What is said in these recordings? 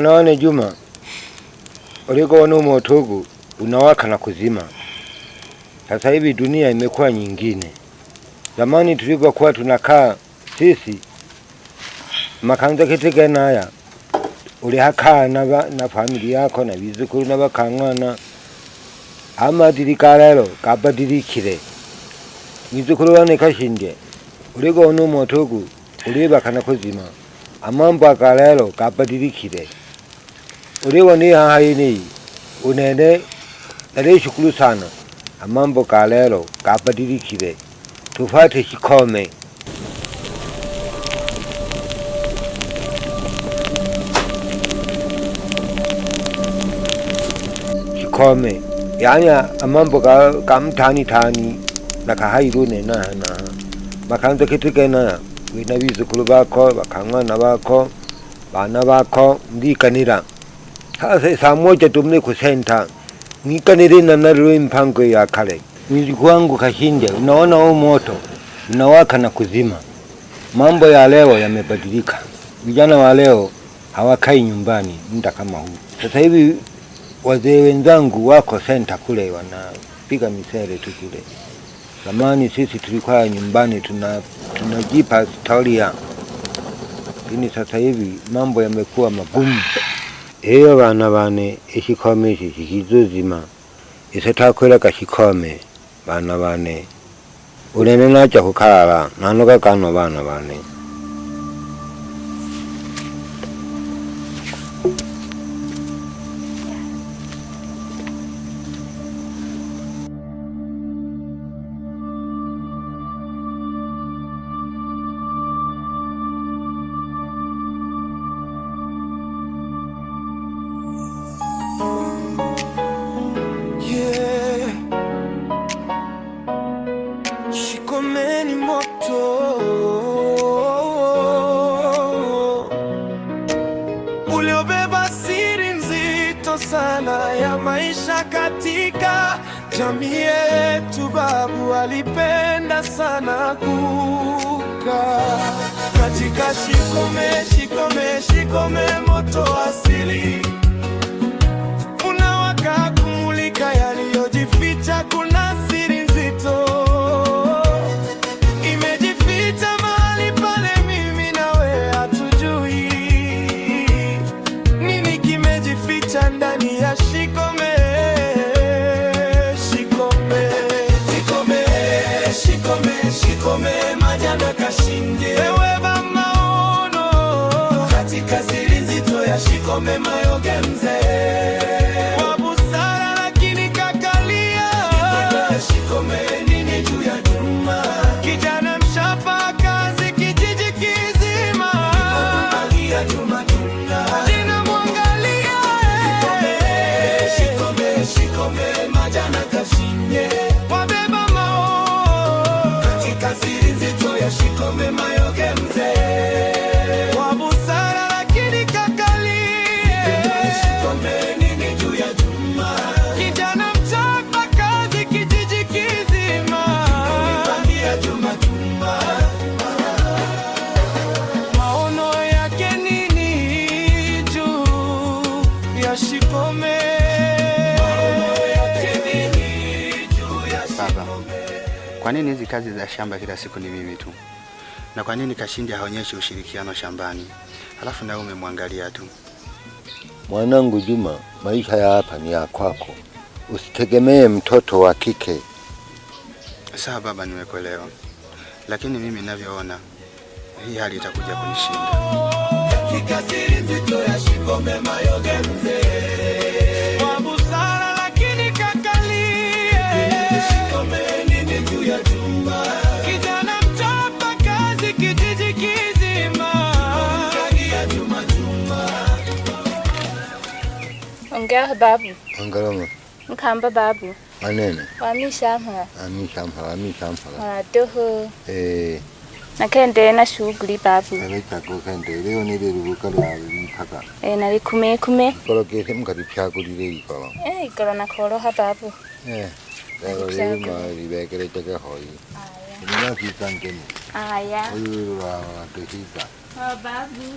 wane Juma, ulikoona umoto huu unawaka na kuzima. Sasa hivi dunia imekuwa nyingine. Zamani tulivyokuwa tunakaa sisi makanza kitegena haya ulihakaa na, na familia yako na vizukuru na bakang'wana amadirika lelo gabadirikile vizukuru wane kashinje ulikoona umoto huu ulibaka na kuzima amambo akalelo gabadirikile haha hahaini unene nalishukulu sana amambo kalelo kabadilikhile tufate shikhome shikhome yanya amambo kamthanithani nakhahailunenahana makhanza khitikena wina bizukulu bakho bakhang'wana bakho bana bakho mbikanira saa, saa moja Dominico Center nikanilina nalilo mpango ya kale wangu kashinja. Unaona huu moto unawaka na kuzima. Mambo ya leo yamebadilika, vijana wa leo hawakai nyumbani muda kama huu. Sasa hivi wazee wenzangu wako senta kule, wanapiga misere tu kule. Zamani sisi tulikuwa nyumbani tuna tunajipa lakini sasa hivi mambo yamekuwa magumu heyo bana bane eshikhomeshi shikhizuzima esethakhwela kashikhome bana bane unene nacha khukhala nanokakano bana bane Jamii yetu babu alipenda sana kuka katika shikome shikome shikome moto asili nini hizi kazi za shamba kila siku ni mimi tu? Na kwa nini Kashindi haonyeshi ushirikiano shambani? Halafu nawe umemwangalia tu. Mwanangu Juma, maisha ya hapa ni ya kwako, usitegemee mtoto wa kike. Sawa baba, nimekuelewa, lakini mimi ninavyoona hii hali itakuja kunishinda. Ngaho babu. Angarama. Nkamba babu. Anene. Wamishamha. Amishamha, wamishamha. Watoho. Eh. Nakende na shughuli babu. Naleta kokende leo ni lile ruka la mpaka. Eh, nali kume kume. Kolo kese mkati chako lile iko. Eh, iko na kolo ha babu. Eh. Leo leo ma libekele chaka hoi. Aya. Ni nasi ni Aya. Huyu wa tuhika. Ha babu. Eh.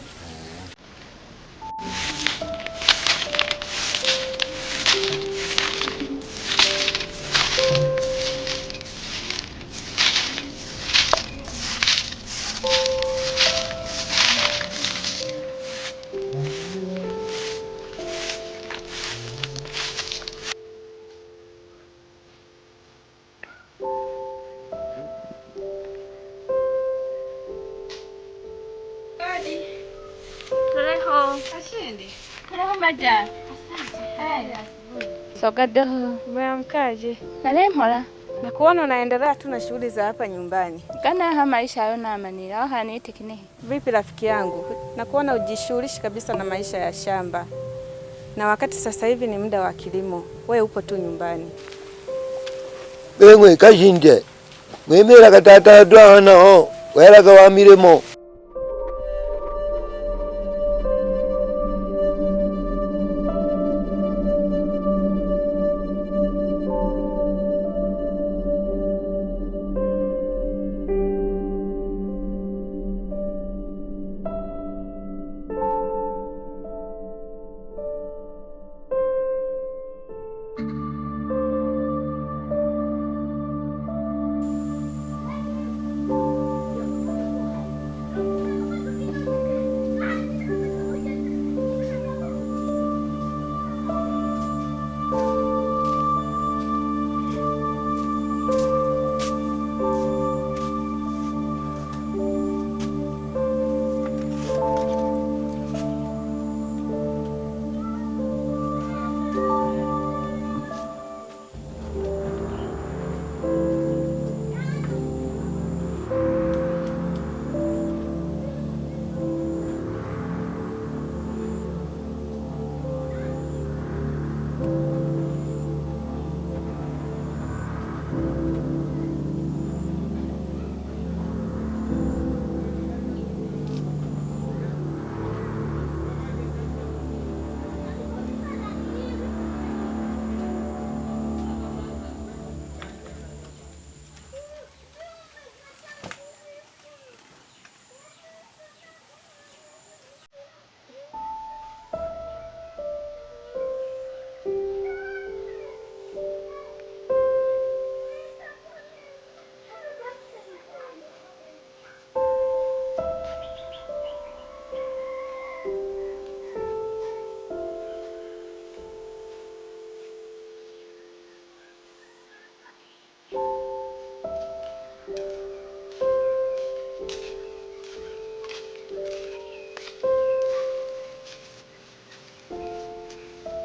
Dada Sogada, umeamkaje? nalemhola nakuona unaendelea tu na shughuli za hapa nyumbani ganaha maisha hayo na amani lao haniitikine. Vipi rafiki yangu, nakuona ujishughulishi kabisa na maisha ya shamba, na wakati sasa hivi ni muda wa kilimo, we upo tu nyumbani wengwe kashinde mwimila katatadwaanao welaka milimo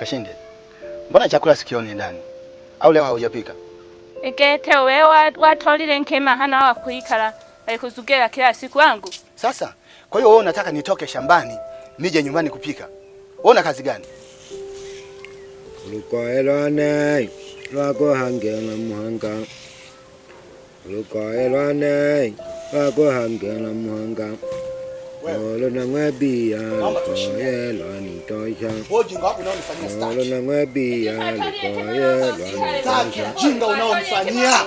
Kashinde, mbona chakula sikioni ndani? Au leo haujapika? Ikete watolile nkema hana wa kuikala alikuzugera kila siku wangu. Sasa kwa hiyo wewe unataka nitoke shambani nije nyumbani kupika? Wewe una kazi gani? lukoelwane lwakuhangela muhanga lukoelwane lwakuhangela muhanga Olona ng'abi ya lukoye lwani toisha. Olona ng'abi ya lukoye lwani toisha. Ujinga unaonifanyia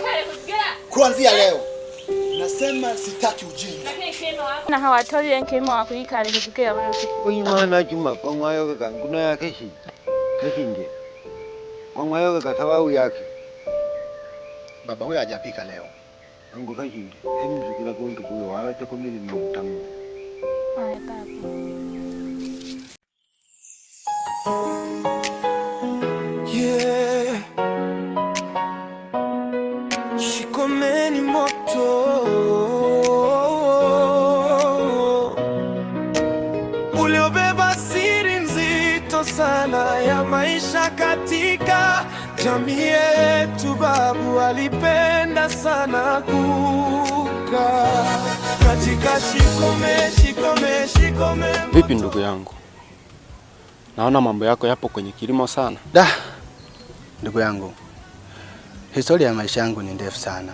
kuanzia leo. Nasema sitaki ujinga. Na hawatoi enkemo wakuika nikitukia wewe. Uyimana chuma kwa mwayo kanguna ya keshi. Keshi nje. Kwa mwayo kwa sababu yake. Baba huyo hajapika leo. Ngo kashi nje. Hemzu kila kuntu kuyo wala chakumili na utamu. Haya baba. siri nzito sana ya maisha katika jamii yetu. Babu alipenda sana kuka Vipi ndugu yangu, naona mambo yako yapo kwenye kilimo sana. Da, ndugu yangu, historia ya maisha yangu ni ndefu sana,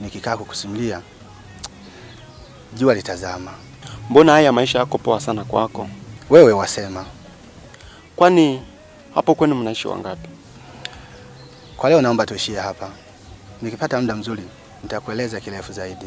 nikikaa kukusimulia jua litazama. Mbona haya maisha yako poa sana kwako wewe? Wasema, kwani hapo kwenu mnaishi wangapi? Kwa leo naomba tuishie hapa, nikipata muda mzuri nitakueleza kirefu zaidi.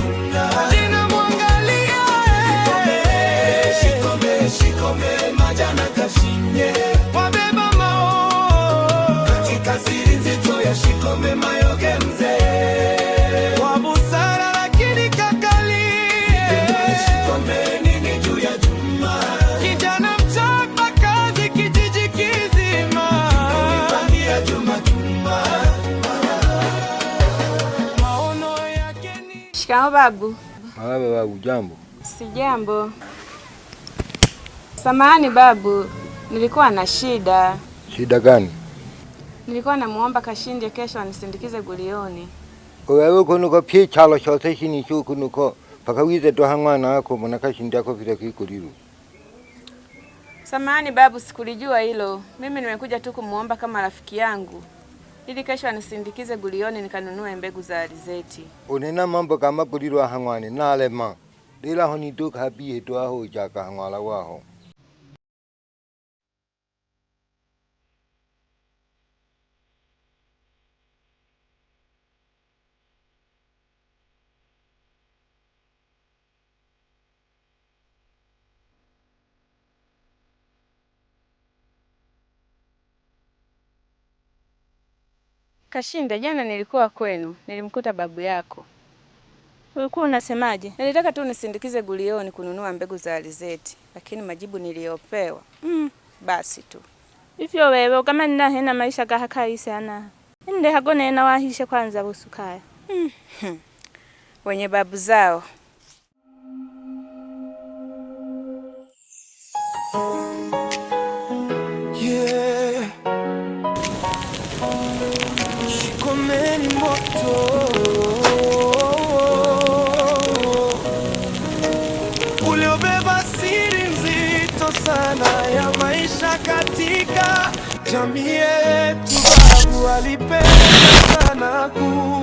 Shikamoo babu. Marahaba babu, jambo? Si jambo. Samahani babu, nilikuwa na shida. Shida gani? Nilikuwa namuomba Kashindi kesho anisindikize gulioni. Wewe kunuko pie chalo shote shini chu kunuko paka wize toha mwana wako mwana Kashindi yako vile kikuliru. Samahani babu, sikulijua hilo. Mimi nimekuja tu kumuomba kama rafiki yangu ili kesho anisindikize gulioni nikanunue mbegu za alizeti. unena mambo kama kulilwa hang'wani nalema lila honituka hapiye aho chaka hang'wala waho Kashinda, jana nilikuwa kwenu, nilimkuta babu yako. Ulikuwa unasemaje? Nilitaka tu nisindikize Gulioni kununua mbegu za alizeti, lakini majibu niliyopewa mm, basi tu hivyo wewe kama nina hena maisha gahakaisana ndehago nena wahishe kwanza busukaya mm. Hmm. wenye babu zao Chomeni moto, uliobeba siri nzito sana ya maisha katika jamii yetu. Mungu alipenda sana ku